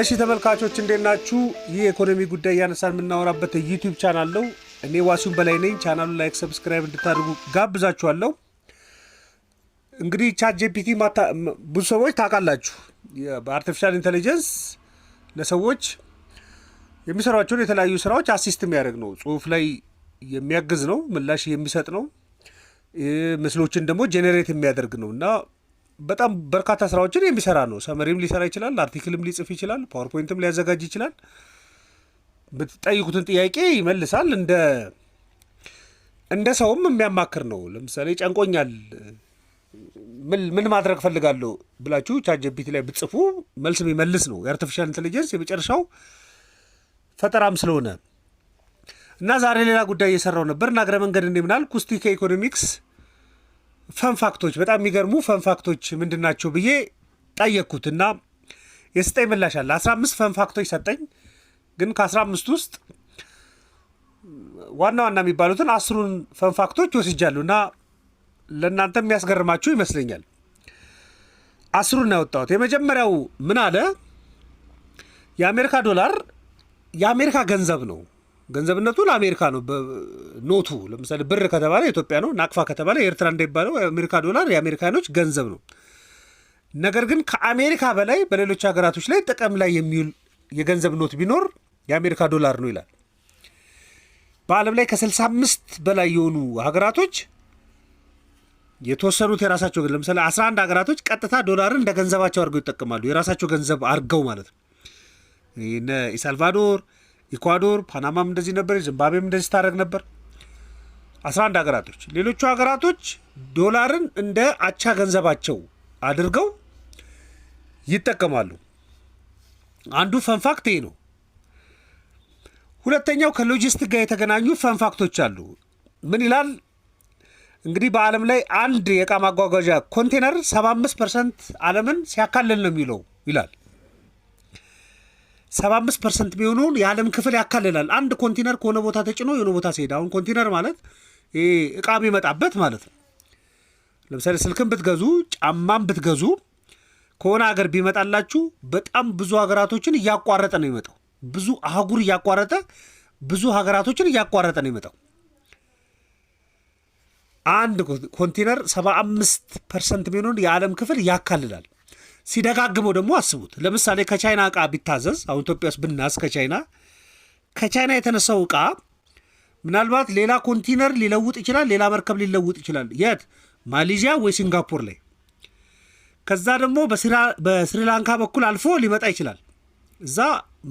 እሺ ተመልካቾች እንዴት ናችሁ? ይህ የኢኮኖሚ ጉዳይ እያነሳን የምናወራበት ዩቲዩብ ቻናል ነው። እኔ ዋሲሁን በላይ ነኝ። ቻናሉ ላይክ፣ ሰብስክራይብ እንድታደርጉ ጋብዛችኋለሁ። እንግዲህ ቻት ጂፒቲ ብዙ ሰዎች ታውቃላችሁ፣ በአርቲፊሻል ኢንቴሊጀንስ ለሰዎች የሚሰሯቸውን የተለያዩ ስራዎች አሲስት የሚያደርግ ነው። ጽሁፍ ላይ የሚያግዝ ነው፣ ምላሽ የሚሰጥ ነው፣ ምስሎችን ደግሞ ጄኔሬት የሚያደርግ ነው እና በጣም በርካታ ስራዎችን የሚሰራ ነው። ሰመሪም ሊሰራ ይችላል፣ አርቲክልም ሊጽፍ ይችላል፣ ፓወርፖይንትም ሊያዘጋጅ ይችላል። ብትጠይቁትን ጥያቄ ይመልሳል። እንደ እንደ ሰውም የሚያማክር ነው። ለምሳሌ ጨንቆኛል፣ ምን ማድረግ ፈልጋለሁ ብላችሁ ቻጀቢት ላይ ብትጽፉ መልስ የሚመልስ ነው። የአርቲፊሻል ኢንቴሊጀንስ የመጨረሻው ፈጠራም ስለሆነ እና ዛሬ ሌላ ጉዳይ እየሰራው ነበር እና እግረ መንገድ እኔ ኩስቲ ከኢኮኖሚክስ ፈንፋክቶች በጣም የሚገርሙ ፈንፋክቶች ምንድናቸው ብዬ ጠየቅኩት እና የሰጠኝ ምላሽ አለ። 15 ፈንፋክቶች ሰጠኝ። ግን ከ15 ውስጥ ዋና ዋና የሚባሉትን አስሩን ፈንፋክቶች ወስጃሉ እና ለእናንተ የሚያስገርማችሁ ይመስለኛል። አስሩን ያወጣሁት። የመጀመሪያው ምን አለ? የአሜሪካ ዶላር የአሜሪካ ገንዘብ ነው። ገንዘብነቱ ለአሜሪካ ነው። ኖቱ ለምሳሌ ብር ከተባለ ኢትዮጵያ ነው። ናቅፋ ከተባለ የኤርትራ እንደሚባለው የአሜሪካ ዶላር የአሜሪካኖች ገንዘብ ነው። ነገር ግን ከአሜሪካ በላይ በሌሎች ሀገራቶች ላይ ጥቅም ላይ የሚውል የገንዘብ ኖት ቢኖር የአሜሪካ ዶላር ነው ይላል። በዓለም ላይ ከ አምስት በላይ የሆኑ ሀገራቶች የተወሰኑት የራሳቸው ለምሳሌ 11 ሀገራቶች ቀጥታ ዶላርን እንደ ገንዘባቸው አድርገው ይጠቀማሉ። የራሳቸው ገንዘብ አድርገው ማለት ነው። ኢሳልቫዶር ኢኳዶር፣ ፓናማም እንደዚህ ነበር፣ ዚምባብዌም እንደዚህ ታደረግ ነበር። 11 ሀገራቶች ሌሎቹ ሀገራቶች ዶላርን እንደ አቻ ገንዘባቸው አድርገው ይጠቀማሉ። አንዱ ፈንፋክት ይሄ ነው። ሁለተኛው ከሎጂስቲክ ጋር የተገናኙ ፈንፋክቶች አሉ። ምን ይላል እንግዲህ በዓለም ላይ አንድ የእቃ ማጓጓዣ ኮንቴነር 75 ፐርሰንት ዓለምን ሲያካልል ነው የሚለው ይላል። ሰባ አምስት ፐርሰንት የሚሆነውን የዓለም ክፍል ያካልላል። አንድ ኮንቲነር ከሆነ ቦታ ተጭኖ የሆነ ቦታ ሲሄድ፣ አሁን ኮንቲነር ማለት እቃ የሚመጣበት ማለት ነው። ለምሳሌ ስልክን ብትገዙ፣ ጫማን ብትገዙ ከሆነ ሀገር ቢመጣላችሁ በጣም ብዙ ሀገራቶችን እያቋረጠ ነው ይመጣው። ብዙ አህጉር እያቋረጠ ብዙ ሀገራቶችን እያቋረጠ ነው ይመጣው። አንድ ኮንቲነር 75 ፐርሰንት የሚሆነውን የዓለም ክፍል ያካልላል። ሲደጋግመው ደግሞ አስቡት። ለምሳሌ ከቻይና እቃ ቢታዘዝ አሁን ኢትዮጵያ ውስጥ ብናስ ከቻይና ከቻይና የተነሳው እቃ ምናልባት ሌላ ኮንቲነር ሊለውጥ ይችላል፣ ሌላ መርከብ ሊለውጥ ይችላል። የት ማሌዥያ ወይ ሲንጋፖር ላይ ከዛ ደግሞ በስሪላንካ በኩል አልፎ ሊመጣ ይችላል። እዛ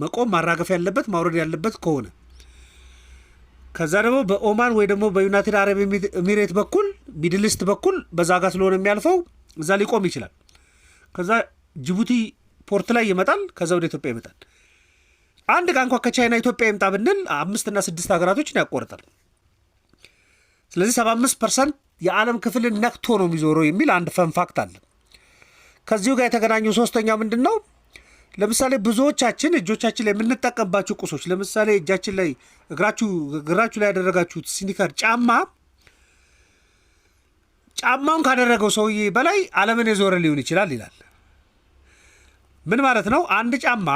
መቆም ማራገፍ ያለበት ማውረድ ያለበት ከሆነ ከዛ ደግሞ በኦማን ወይ ደግሞ በዩናይትድ አረብ ኤሚሬት በኩል ሚድልስት በኩል በዛ ጋ ስለሆነ የሚያልፈው እዛ ሊቆም ይችላል። ከዛ ጅቡቲ ፖርት ላይ ይመጣል፣ ከዛ ወደ ኢትዮጵያ ይመጣል። አንድ ቃንኳ እንኳ ከቻይና ኢትዮጵያ ይምጣ ብንል አምስትና ስድስት ሀገራቶችን ያቆርጣል ስለዚህ ሰባ አምስት ፐርሰንት የዓለም ክፍልን ነክቶ ነው የሚዞረው የሚል አንድ ፈንፋክት አለ። ከዚሁ ጋር የተገናኘው ሶስተኛው ምንድን ነው? ለምሳሌ ብዙዎቻችን እጆቻችን ላይ የምንጠቀምባቸው ቁሶች፣ ለምሳሌ እጃችን ላይ እግራችሁ እግራችሁ ላይ ያደረጋችሁት ሲኒከር ጫማ ጫማውን ካደረገው ሰውዬ በላይ ዓለምን የዞረ ሊሆን ይችላል ይላል። ምን ማለት ነው? አንድ ጫማ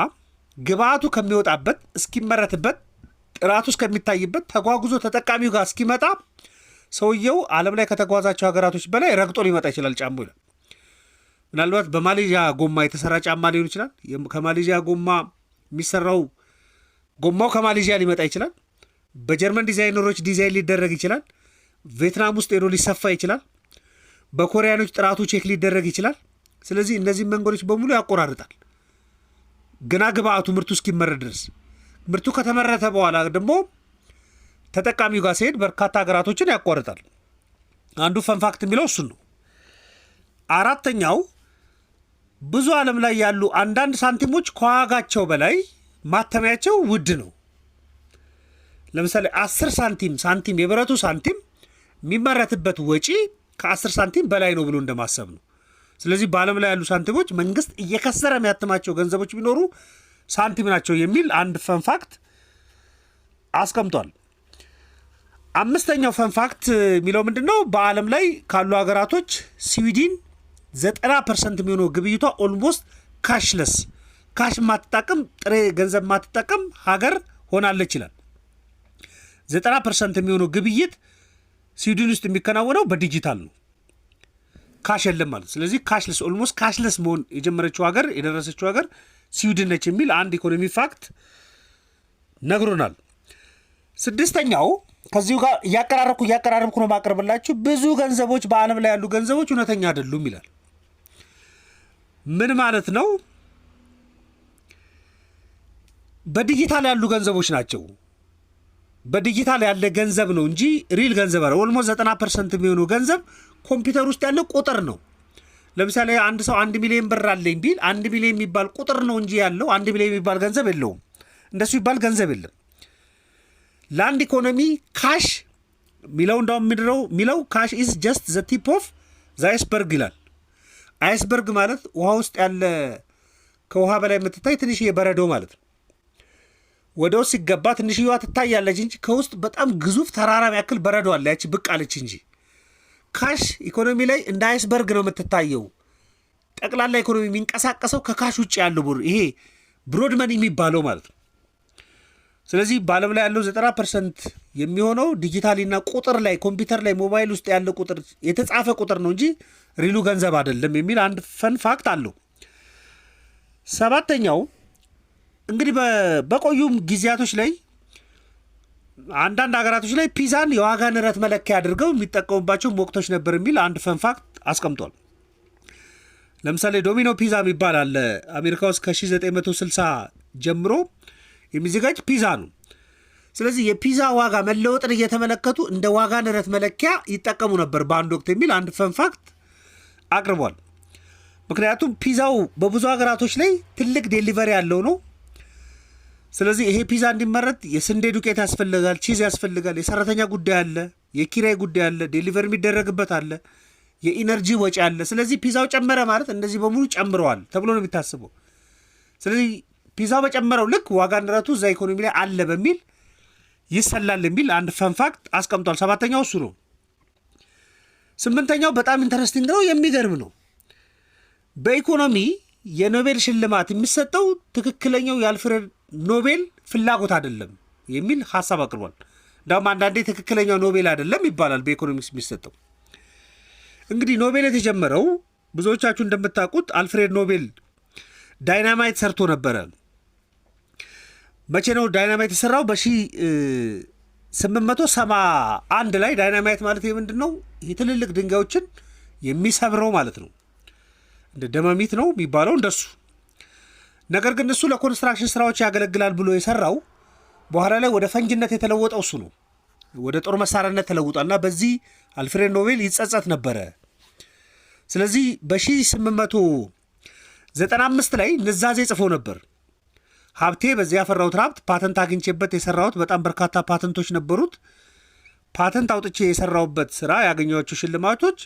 ግብአቱ ከሚወጣበት እስኪመረትበት ጥራቱ እስከሚታይበት ተጓጉዞ ተጠቃሚው ጋር እስኪመጣ ሰውየው ዓለም ላይ ከተጓዛቸው ሀገራቶች በላይ ረግጦ ሊመጣ ይችላል ጫማው ይላል። ምናልባት በማሌዥያ ጎማ የተሰራ ጫማ ሊሆን ይችላል። ከማሌዥያ ጎማ የሚሰራው ጎማው ከማሌዥያ ሊመጣ ይችላል። በጀርመን ዲዛይነሮች ዲዛይን ሊደረግ ይችላል። ቬትናም ውስጥ ሄዶ ሊሰፋ ይችላል። በኮሪያኖች ጥራቱ ቼክ ሊደረግ ይችላል። ስለዚህ እነዚህ መንገዶች በሙሉ ያቆራርጣል። ግና ግብአቱ ምርቱ እስኪመረት ድረስ ምርቱ ከተመረተ በኋላ ደግሞ ተጠቃሚው ጋር ሲሄድ በርካታ ሀገራቶችን ያቋርጣል። አንዱ ፈንፋክት የሚለው እሱን ነው። አራተኛው ብዙ ዓለም ላይ ያሉ አንዳንድ ሳንቲሞች ከዋጋቸው በላይ ማተሚያቸው ውድ ነው። ለምሳሌ አስር ሳንቲም ሳንቲም የብረቱ ሳንቲም የሚመረትበት ወጪ ከ ሳንቲም በላይ ነው ብሎ እንደማሰብ ነው። ስለዚህ በዓለም ላይ ያሉ ሳንቲሞች መንግስት እየከሰረ የሚያትማቸው ገንዘቦች ቢኖሩ ሳንቲም ናቸው የሚል አንድ ፈንፋክት አስቀምጧል። አምስተኛው ፈንፋክት የሚለው ምንድን ነው? በዓለም ላይ ካሉ ሀገራቶች ስዊድን ዘጠና ፐርሰንት የሚሆነው ግብይቷ ኦልሞስት ካሽለስ ካሽ ማትጠቅም ጥሬ ገንዘብ ማትጠቀም ሀገር ሆናለች ይላል። ዘጠና ፐርሰንት የሚሆነው ግብይት ስዊድን ውስጥ የሚከናወነው በዲጂታል ነው፣ ካሽ የለም ማለት። ስለዚህ ካሽለስ ኦልሞስት ካሽለስ መሆን የጀመረችው ሀገር የደረሰችው ሀገር ስዊድን ነች የሚል አንድ ኢኮኖሚ ፋክት ነግሮናል። ስድስተኛው ከዚሁ ጋር እያቀራረብኩ እያቀራረብኩ ነው ማቅረብላችሁ። ብዙ ገንዘቦች በዓለም ላይ ያሉ ገንዘቦች እውነተኛ አይደሉም ይላል። ምን ማለት ነው? በዲጂታል ያሉ ገንዘቦች ናቸው በዲጂታል ያለ ገንዘብ ነው እንጂ ሪል ገንዘብ አለ። ኦልሞስት 90 ፐርሰንት የሚሆነው ገንዘብ ኮምፒውተር ውስጥ ያለ ቁጥር ነው። ለምሳሌ አንድ ሰው አንድ ሚሊዮን ብር አለኝ ቢል አንድ ሚሊዮን የሚባል ቁጥር ነው እንጂ ያለው አንድ ሚሊዮን የሚባል ገንዘብ የለውም። እንደሱ ይባል ገንዘብ የለም። ለአንድ ኢኮኖሚ ካሽ ሚለው እንዳውም ምድረው ሚለው ካሽ ኢዝ ጀስት ዘ ቲፕ ኦፍ ዘ አይስበርግ ይላል። አይስበርግ ማለት ውሃ ውስጥ ያለ ከውሃ በላይ የምትታይ ትንሽ የበረዶ ማለት ነው። ወደ ውስጥ ሲገባ ትንሽየዋ ትታያለች እንጂ ከውስጥ በጣም ግዙፍ ተራራ ያክል በረዶ አለ። ያቺ ብቅ አለች እንጂ ካሽ ኢኮኖሚ ላይ እንደ አይስበርግ ነው የምትታየው። ጠቅላላ ኢኮኖሚ የሚንቀሳቀሰው ከካሽ ውጭ ያለው ብር ይሄ ብሮድመን የሚባለው ማለት ነው። ስለዚህ በዓለም ላይ ያለው ዘጠና ፐርሰንት የሚሆነው ዲጂታልና ቁጥር ላይ ኮምፒውተር ላይ ሞባይል ውስጥ ያለ ቁጥር የተጻፈ ቁጥር ነው እንጂ ሪሉ ገንዘብ አይደለም የሚል አንድ ፈን ፋክት አለው። ሰባተኛው እንግዲህ በቆዩም ጊዜያቶች ላይ አንዳንድ ሀገራቶች ላይ ፒዛን የዋጋ ንረት መለኪያ አድርገው የሚጠቀሙባቸውም ወቅቶች ነበር የሚል አንድ ፈንፋክት አስቀምጧል። ለምሳሌ ዶሚኖ ፒዛ የሚባል አለ አሜሪካ ውስጥ ከ1960 ጀምሮ የሚዘጋጅ ፒዛ ነው። ስለዚህ የፒዛ ዋጋ መለወጥን እየተመለከቱ እንደ ዋጋ ንረት መለኪያ ይጠቀሙ ነበር በአንድ ወቅት የሚል አንድ ፈንፋክት አቅርቧል። ምክንያቱም ፒዛው በብዙ ሀገራቶች ላይ ትልቅ ዴሊቨሪ ያለው ነው። ስለዚህ ይሄ ፒዛ እንዲመረት የስንዴ ዱቄት ያስፈልጋል፣ ቺዝ ያስፈልጋል፣ የሰራተኛ ጉዳይ አለ፣ የኪራይ ጉዳይ አለ፣ ዴሊቨር የሚደረግበት አለ፣ የኢነርጂ ወጪ አለ። ስለዚህ ፒዛው ጨመረ ማለት እነዚህ በሙሉ ጨምረዋል ተብሎ ነው የሚታስበው። ስለዚህ ፒዛው በጨመረው ልክ ዋጋ ንረቱ እዛ ኢኮኖሚ ላይ አለ በሚል ይሰላል የሚል አንድ ፈንፋክት አስቀምጧል። ሰባተኛው እሱ ነው። ስምንተኛው በጣም ኢንተረስቲንግ ነው፣ የሚገርም ነው። በኢኮኖሚ የኖቤል ሽልማት የሚሰጠው ትክክለኛው የአልፍሬድ ኖቤል ፍላጎት አይደለም የሚል ሀሳብ አቅርቧል። እንዳውም አንዳንዴ ትክክለኛው ኖቤል አይደለም ይባላል በኢኮኖሚክስ የሚሰጠው። እንግዲህ ኖቤል የተጀመረው ብዙዎቻችሁ እንደምታውቁት አልፍሬድ ኖቤል ዳይናማይት ሰርቶ ነበረ። መቼ ነው ዳይናማይት የሰራው? በ1871 ላይ ዳይናማይት ማለት ምንድን ነው? ትልልቅ ድንጋዮችን የሚሰብረው ማለት ነው። እንደ ደመሚት ነው የሚባለው እንደሱ ነገር ግን እሱ ለኮንስትራክሽን ስራዎች ያገለግላል ብሎ የሰራው በኋላ ላይ ወደ ፈንጅነት የተለወጠው እሱ ነው። ወደ ጦር መሳሪያነት ና በዚህ አልፍሬድ ኖቤል ይጸጸት ነበረ። ስለዚህ በ1895 ላይ ንዛዜ ጽፎ ነበር። ሀብቴ በዚህ ያፈራሁት ሀብት ፓተንት አግኝቼበት የሰራሁት በጣም በርካታ ፓተንቶች ነበሩት። ፓተንት አውጥቼ የሰራሁበት ስራ ያገኘኋቸው ሽልማቶች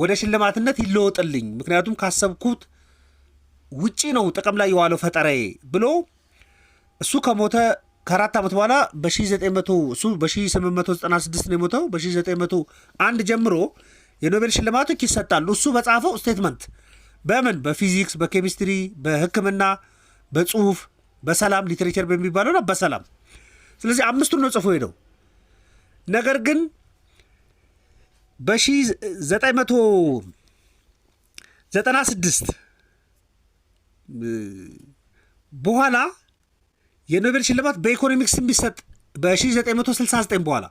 ወደ ሽልማትነት ይለወጥልኝ፣ ምክንያቱም ካሰብኩት ውጪ ነው ጥቅም ላይ የዋለው ፈጠራዬ ብሎ እሱ ከሞተ ከአራት ዓመት በኋላ በ1900 እሱ በ1896 ነው የሞተው። በ1901 ጀምሮ የኖቤል ሽልማቶች ይሰጣሉ። እሱ በጻፈው ስቴትመንት በምን በፊዚክስ፣ በኬሚስትሪ፣ በሕክምና፣ በጽሁፍ፣ በሰላም ሊትሬቸር በሚባለውና በሰላም ስለዚህ አምስቱን ነው ጽፎ ሄደው። ነገር ግን በ1996 በኋላ የኖቤል ሽልማት በኢኮኖሚክስ ቢሰጥ በ1969 በኋላ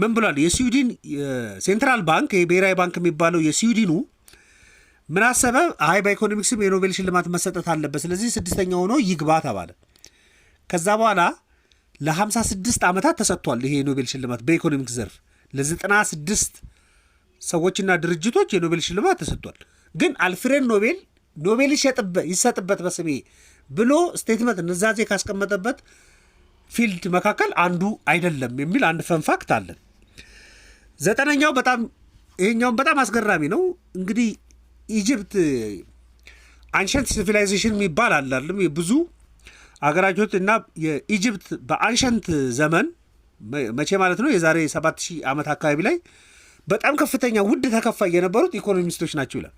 ምን ብሏል? የስዊድን ሴንትራል ባንክ የብሔራዊ ባንክ የሚባለው የስዊድኑ ምን አሰበ? አይ በኢኮኖሚክስም የኖቤል ሽልማት መሰጠት አለበት፣ ስለዚህ ስድስተኛ ሆኖ ይግባ ተባለ። ከዛ በኋላ ለ56 ዓመታት ተሰጥቷል። ይሄ የኖቤል ሽልማት በኢኮኖሚክስ ዘርፍ ለ96 ሰዎችና ድርጅቶች የኖቤል ሽልማት ተሰጥቷል። ግን አልፍሬድ ኖቤል ኖቤል ይሰጥበት በስሜ ብሎ ስቴትመንት ንዛዜ ካስቀመጠበት ፊልድ መካከል አንዱ አይደለም የሚል አንድ ፈንፋክት አለን። ዘጠነኛው በጣም ይሄኛውም በጣም አስገራሚ ነው። እንግዲህ ኢጅፕት አንሸንት ሲቪላይዜሽን የሚባል አላለም ብዙ አገራጆች እና የኢጅፕት በአንሸንት ዘመን መቼ ማለት ነው የዛሬ ሰባት ዓመት አካባቢ ላይ በጣም ከፍተኛ ውድ ተከፋይ የነበሩት ኢኮኖሚስቶች ናቸው ይላል።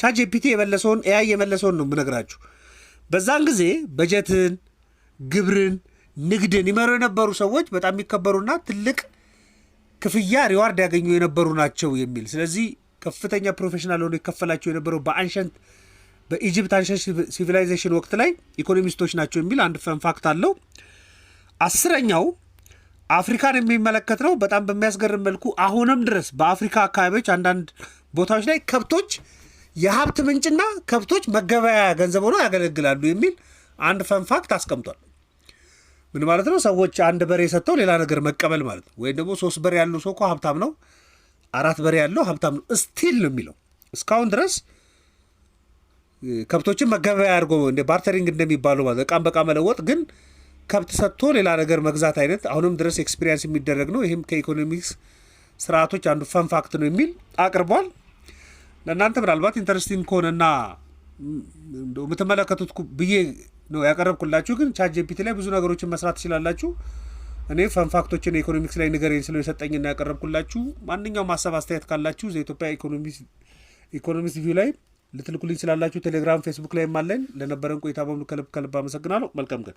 ቻት ጂፒቲ የመለሰውን ኤአይ የመለሰውን ነው የምነግራችሁ። በዛን ጊዜ በጀትን፣ ግብርን፣ ንግድን ይመሩ የነበሩ ሰዎች በጣም የሚከበሩና ትልቅ ክፍያ ሪዋርድ ያገኙ የነበሩ ናቸው የሚል ስለዚህ ከፍተኛ ፕሮፌሽናል ሆኖ ይከፈላቸው የነበረው በአንሸንት በኢጅፕት አንሸንት ሲቪላይዜሽን ወቅት ላይ ኢኮኖሚስቶች ናቸው የሚል አንድ ፈንፋክት አለው። አስረኛው አፍሪካን የሚመለከት ነው። በጣም በሚያስገርም መልኩ አሁንም ድረስ በአፍሪካ አካባቢዎች አንዳንድ ቦታዎች ላይ ከብቶች የሀብት ምንጭና ከብቶች መገበያያ ገንዘብ ሆነው ያገለግላሉ የሚል አንድ ፈንፋክት አስቀምጧል። ምን ማለት ነው? ሰዎች አንድ በሬ ሰጥተው ሌላ ነገር መቀበል ማለት ነው። ወይም ደግሞ ሶስት በሬ ያለው ሰው እኮ ሀብታም ነው፣ አራት በሬ ያለው ሀብታም ነው ስቲል ነው የሚለው። እስካሁን ድረስ ከብቶችን መገበያ አድርጎ እንደ ባርተሪንግ እንደሚባለው ማለት እቃም በቃ መለወጥ ግን ከብት ሰጥቶ ሌላ ነገር መግዛት አይነት አሁንም ድረስ ኤክስፒሪየንስ የሚደረግ ነው። ይህም ከኢኮኖሚክስ ስርዓቶች አንዱ ፈንፋክት ነው የሚል አቅርቧል። ለእናንተ ምናልባት ኢንተረስቲንግ ከሆነና የምትመለከቱት ብዬ ነው ያቀረብኩላችሁ። ግን ቻት ጂፒቲ ላይ ብዙ ነገሮችን መስራት ትችላላችሁ። እኔ ፈንፋክቶችን ኢኮኖሚክስ ላይ ንገር ስለው የሰጠኝና ያቀረብኩላችሁ። ማንኛውም ሀሳብ አስተያየት ካላችሁ ዘኢትዮጵያ ኢኮኖሚስት ቪው ላይ ልትልኩልኝ ስላላችሁ ቴሌግራም፣ ፌስቡክ ላይ አለኝ። ለነበረን ቆይታ በሙሉ ከልብ ከልብ አመሰግናለሁ። መልካም ቀን።